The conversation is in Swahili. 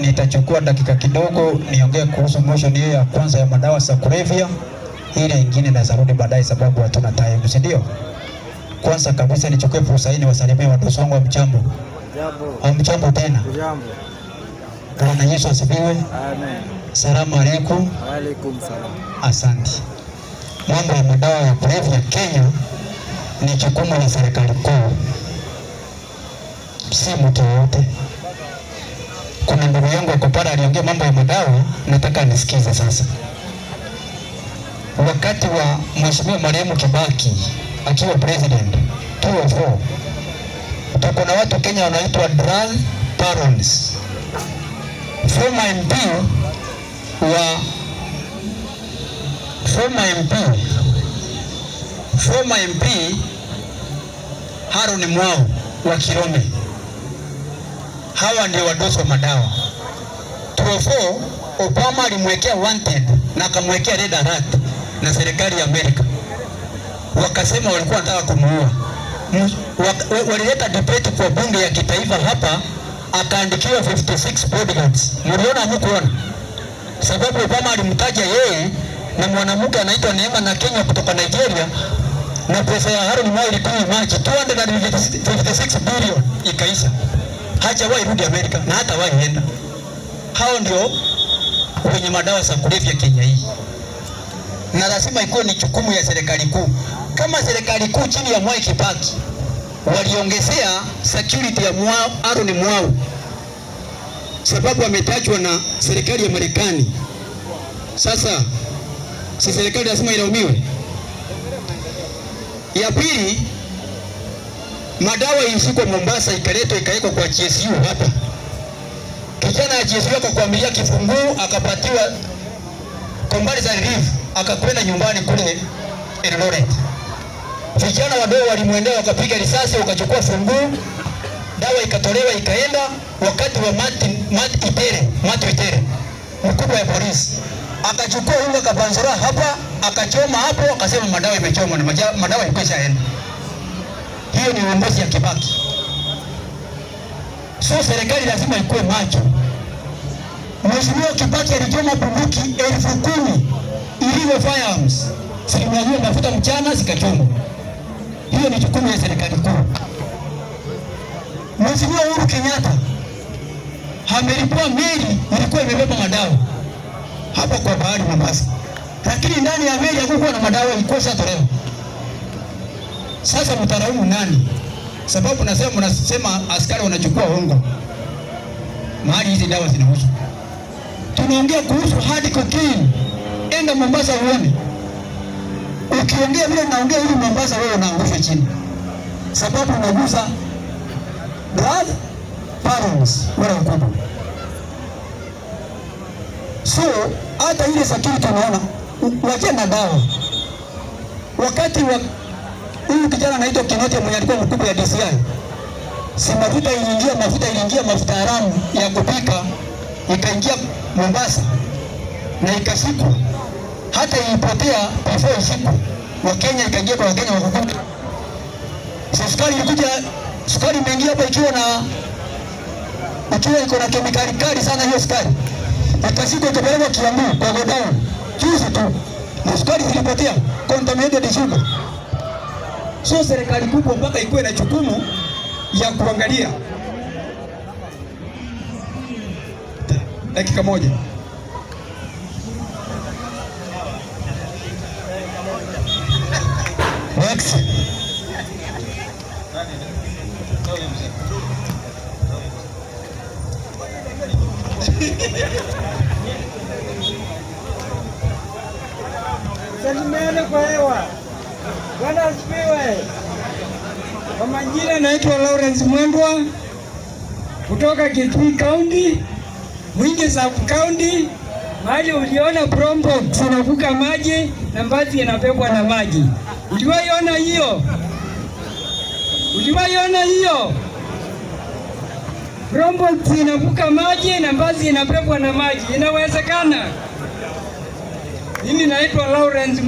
nitachukua dakika kidogo niongee kuhusu motion hiyo ya kwanza ya madawa za kulevya. Ile ingine nazarudi baadaye, sababu hatuna time, si ndio? Kwanza kabisa nichukue fursa hii niwasalimie watu wangu wa mchambo wa mchambo tena. Bwana Yesu asifiwe. Amen. Salamu alaykum. Wa alaykum salam. Asante. Mambo ya madawa ya kulevya Kenya ni jukumu la serikali kuu, si mtu yoyote kuna ndugu yangu akopara aliongea mambo ya madawa, nataka nisikize sasa. Wakati wa mheshimiwa marehemu Kibaki akiwa president 2004 tuko na watu Kenya wanaitwa drug barons. Former MP wa former MP former MP Harun Mwau wa Kirome hawa ndio wadosi wa madawa. 2004 Obama alimwekea wanted na akamwekea red alert na serikali ya Amerika, wakasema walikuwa wanataka kumuua. Walileta debate kwa bunge ya kitaifa hapa, akaandikiwa 56 bodyguards. Mliona hamukuona? Sababu Obama alimtaja yeye na mwanamke anaitwa Neema na Kenya kutoka Nigeria na pesa ya Harun Mwai ilikuwa maji 256 bilioni ikaisha hajawahi rudi Amerika na hata wahi enda. Hao ndio wenye madawa za kulevya Kenya hii, na lazima ikuwe ni jukumu ya serikali kuu. Kama serikali kuu chini ya Mwai Kibaki waliongezea security ya Mwau, Aaron Mwau sababu ametajwa na serikali ya Marekani. Sasa si serikali lazima ilaumiwe? Ya pili madawa ishikwe Mombasa, ikaletwa ikawekwa kwa GSU hapa. Kijana wa GSU akakwambia kifunguu, akapatiwa kombali za relief, akakwenda nyumbani kule Eldoret. Vijana wadogo walimwendea wakapiga risasi, wakachukua funguu, dawa ikatolewa ikaenda. Wakati wa Martin, Martin Itere, Martin Itere mkubwa ya polisi akachukua unga kapanzura hapa akachoma hapo, akasema madawa imechoma na madawa ikwishaenda hiyo ni uongozi ya Kibaki. So serikali lazima ikuwe macho. Mheshimiwa Kibaki alichoma bunduki elfu kumi ilivyo firearms, silimajua mafuta mchana zikachoma. Hiyo ni jukumu ya serikali kuu. Mheshimiwa Uhuru Kenyatta amelipua meli ilikuwa imebeba madawa hapa kwa bahari Mombasa, lakini ndani ya meli hakukuwa na madawa, ilikuwa shatolewa. Sasa mtaraumu nani? Sababu nasema mnasema askari wanachukua hongo mahali hizi dawa zinauzwa. Tunaongea kuhusu hadi cocaine. Enda Mombasa uone. Ukiongea vile naongea hivi Mombasa, wewe unaangusha chini, sababu unagusa blood parents wala ukubwa. So hata ile sakiri tunaona, na dawa wakati wa huyu kijana anaitwa Kinete mwenye alikuwa mkubwa ya DCI, si mafuta iliingia, mafuta iliingia, mafuta haramu ya kupika ikaingia Mombasa na ikashikwa, hata ilipotea before ishikwe, Wakenya ikaingia kwa Wakenya wakakuta. So sukari ilikuja, sukari imeingia hapa ikiwa na ikiwa iko na kemikali kali sana, hiyo sukari ikashikwa, ikapelekwa Kiambu kwa godown juzi tu, na sukari zilipotea, contaminated sugar sio serikali kubwa mpaka ikuwe na jukumu ya kuangalia. Dakika moja. Next. kwa hewa. Bwana asifiwe. Kwa majina naitwa Lawrence Mwendwa kutoka Kitui County, Mwingi Sub County, mahali uliona prompo zinavuka maji na mbazi inapekwa na maji. Uliwaiona hiyo? Uliwaiona hiyo? Prompo zinavuka maji na mbazi inapekwa na maji. Inawezekana? Mimi naitwa Lawrence